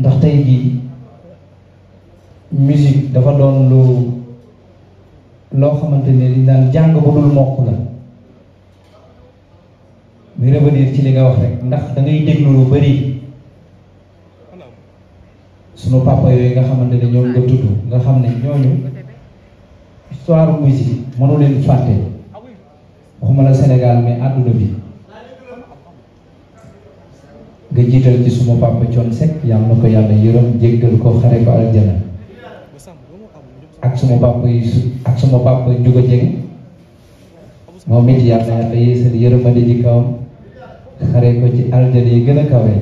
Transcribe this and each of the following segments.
ndax tey jii musique dafa doon lu loo xamante ne li daan jàng bu dul mokk la muy revenir ci li nga wax rek ndax dangay ngay déglu lu bari sunu papa yooyu nga xamante ne ñoom nga tudd nga xam ne ñooñu histoire musique mënu leen fàtte waxuma la Sénégal mais àdduna bi nga jiital ci suma papa Thione sek yàlla na ko yalla yeureum jeegal ko xare ko aljana ak suma papa Youssou ak suma papa Ndiouga Dieng moom it yàlla yàlla yeesal yërëmande di kaw xare ko ci aljana yi gëna kawé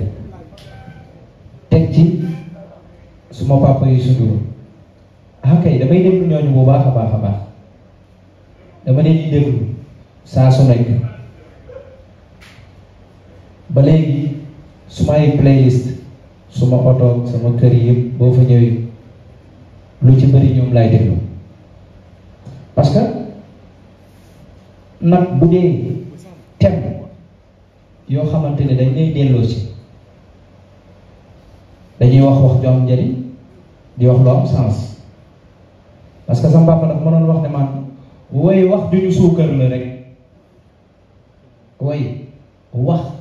tek ci suma papa Youssou Ndour hakay ah, kay damay déglu ñooñu bu baaxa baaxa baax a baax dama leen di déglu sa su nek ba legi may playlist suma auto sama kër yi bo fa ñëwee lu ci bari ñoom lay déglu parce que kan? nak bu dé tém yo xamanteni dañ lay delloo ci dañuy wax wax jom jëri di wax lo am sens parce que kan sama papa nak mënon wax né man woy wax duñu ñu la rek woy wax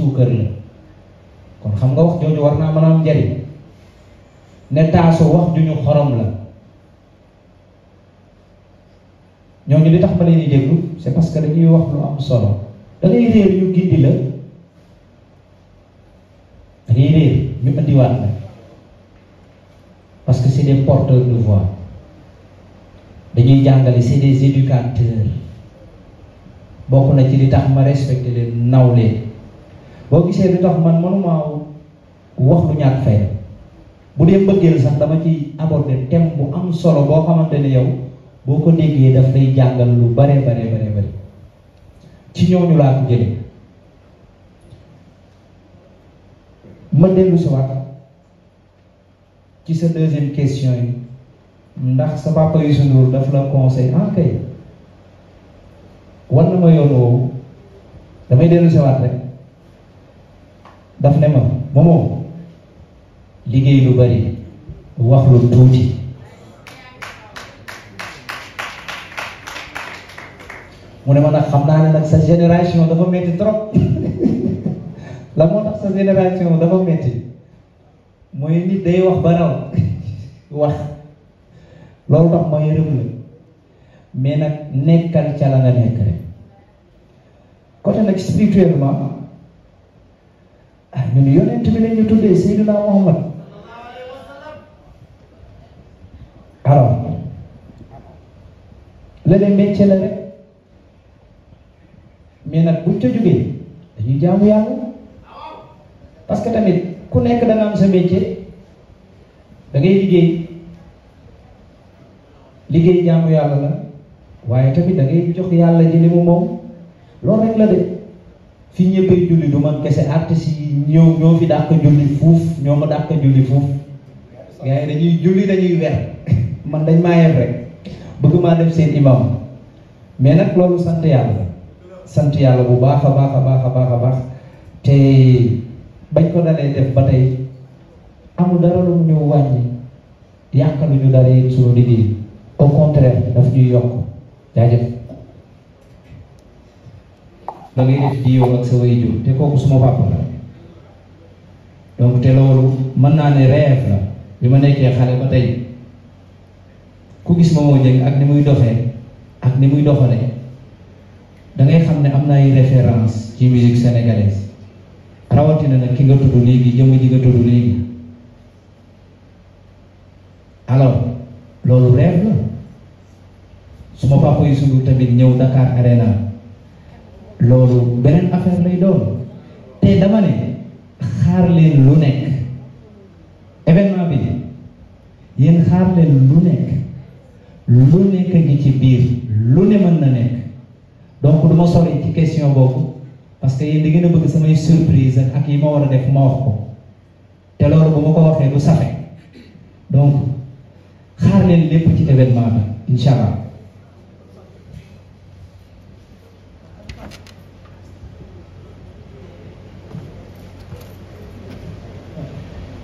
suukar la kon xam nga wax jooju war naa mën a am njariñ ne taasu wax juñu xorom la ñooñu li tax ma leen di déglu c'est parce que dañuy wax lu am solo da ngay réer ñu gindi la da ngay réer ñu indiwaat la parce que c'est des porteurs de voix dañuy jàngale c'est des éducateurs bokk na ci li tax ma respecté leen naw leen boo gisee lu tax man mënuma wax lu ñàkk fay bu dee mbëggeel sax dama ci aborder thème bu am solo boo xamante ne yow boo ko déggee daf lay jàngal lu bare bare bare bare ci ñooñu laa ko jële ma dellu si ci sa deuxième question yi ndax sa papa Youssou Ndour daf la conseil en ah, kay war na ma yoon woowu damay dellu si waat rek daf ne ma moomoo liggéey yu bari wax lu tuuti mu ne ma nag xam naa ne nag sa génération dafa metti trop la moo tax sa génération dafa metti mooy nit day wax ba raw wax loolu tax ma yërëm la mais nag nekkal ca la nga nekk rek côté nag spirituellement ñun ah, yonent bi lañu tuddee Seydina Muhammad alors leneen métier la rek mais nag buñ ca jógee dañuy jaamu yàlla parce que tamit ku nekk da sa métier da liggéey liggéey jaamu yàlla la waaye tamit da jox yàlla ji li mu moom loolu rek la de fi ñëppay julli du man kese artiste yi ñëw ñoo fi dàq julli fuuf ñoo ma dàq julli fuuf gars yi dañuy julli dañuy wer man dañ maa yem rek bëgg maa def seen imam mais nag loolu sant yàlla sant yàlla bu baax a baax a baax a baax a baax te bañ ko dalee def ba tey amul dara lu ñu wàññi yàqaluñu dara it suñu liggéey au contraire daf ñuy yokk jaajëf da ngay def diiwoo ak sa wayju te koku suma papa la donc te lolu man na ne rêve la bima nekké xalé ba tay ku gis mo jeng ak ni muy doxé eh? ak ni muy doxalé eh? da ngay eh, xam ne ay référence ci musique sénégalaise rawati na ki nga tudd léegi jëm ji nga tudd léegi alors lolu rêve la suma papa yi sunu tamit ñew Dakar Arena loolu beneen affaire lay doon te dama ne xaar leen lu nekk événement bi yéen xaar leen lu nekk lu nekk ngi ci biir lu ne mën na nekk donc du ma ci question boobu parce que yéen da ngeen a bëgg samay surprise ak yi ma war a def ma wax ko te loolu bu ma ko waxee du safe donc xaar leen lépp ci événement bi incha allah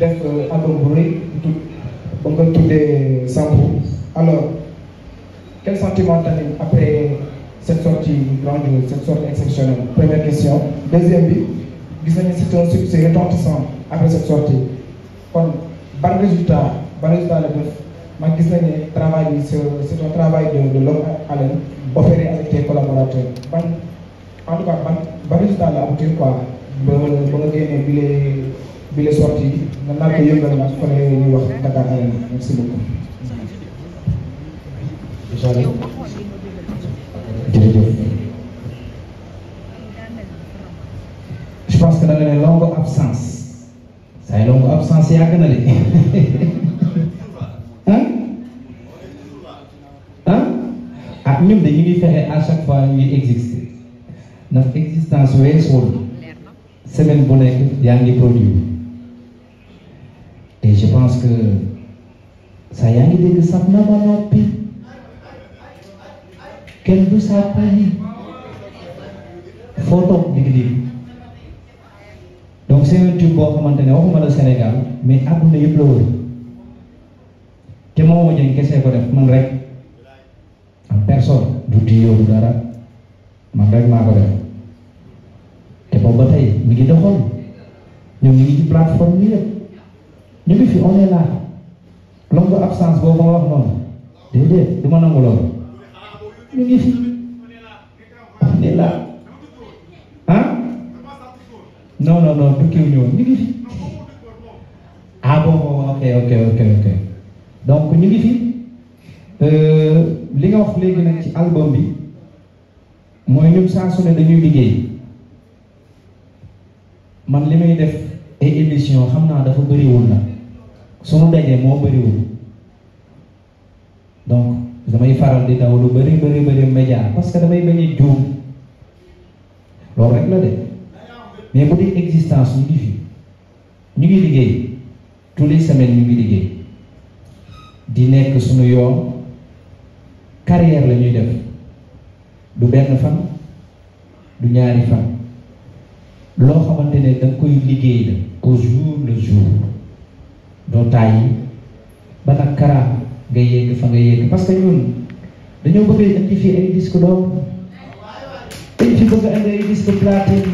Euh, alors quel sentiment après cette sortie grande, cette sortie exceptionnelle première question deuxième c'est un succès retentissant après cette sortie Bon, résultat résultat travail c'est un travail de l'homme à avec tes collaborateurs en tout cas résultat quoi bi la sorti naa ko yëngal nag fa la ñuy wax Dakar Arena merci beaucoup. jërëjëf. je pense que da nga ne absence say longue absence yàgg na de ah ah ah ñun de ñu ngi fexe à chaque fois ñuy exister ndax existence weesuwul semaine bu nekk yaa ngi produit. Et je pense que ça y a une idée de ça, n'a pas pire. Quel bout ça a dit? Photo, Donc c'est un tube qui xamante ne waxuma de Sénégal mais à bout de wër te moo ma jën kese ko def man en personne du tuyoo du dara man rek Je ko def te boobu il y a ngi doxoon Il y a ci plateforme nous ngi fi on est là longue absence wax noonu déedéet on là hein? non non non du kiw ñëw ah bon ok ok ok ok donc ñu ngi fi euh, li nga wax ci album bi man def émission suñu dajee moo bëriwul donc damay faral di daw lu bëri bëri bëri média que damay bañ a juum loolu rek la de mais bu dee existence ñu ngi fi liggéey tous les semaines ñu ngi liggéey di nekk suñu yoon carrière la ñuy def du benn fan du ñaari fan loo xamante ne danga koy liggéey la au doo tàyyi ba nag karaam nga yéeg fa nga yéeg parce que ñun dañoo bëgg indi fii ay disque d'or dañ fi bëgg indi ay disque platine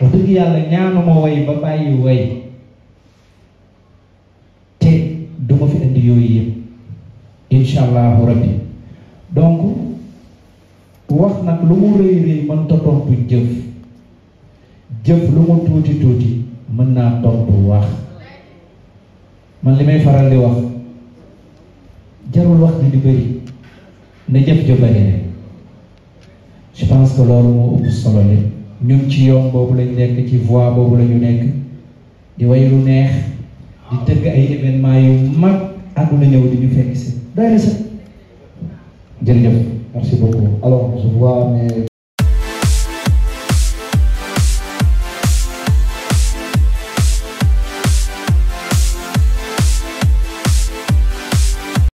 wax dëgg yàlla ñaanuma way ba bàyyi way te duma fi indi yooyu yëpp incha allahu rabbi donc wax nag lu mu rëy rëy mën ta jëf jëf lu mu tuuti tuuti mën naa tontu man limay faral di wax jarul wax di bëri ne jef jo bari ne je pense que lolu mo upp solo li ñun ci yoon bobu lañ nekk ci voie bobu lañu nekk di way lu neex di teug ay événement yu mag àdduna ñew di ñu fekk ci doy na sax jërëjëf merci beaucoup alors je vois mais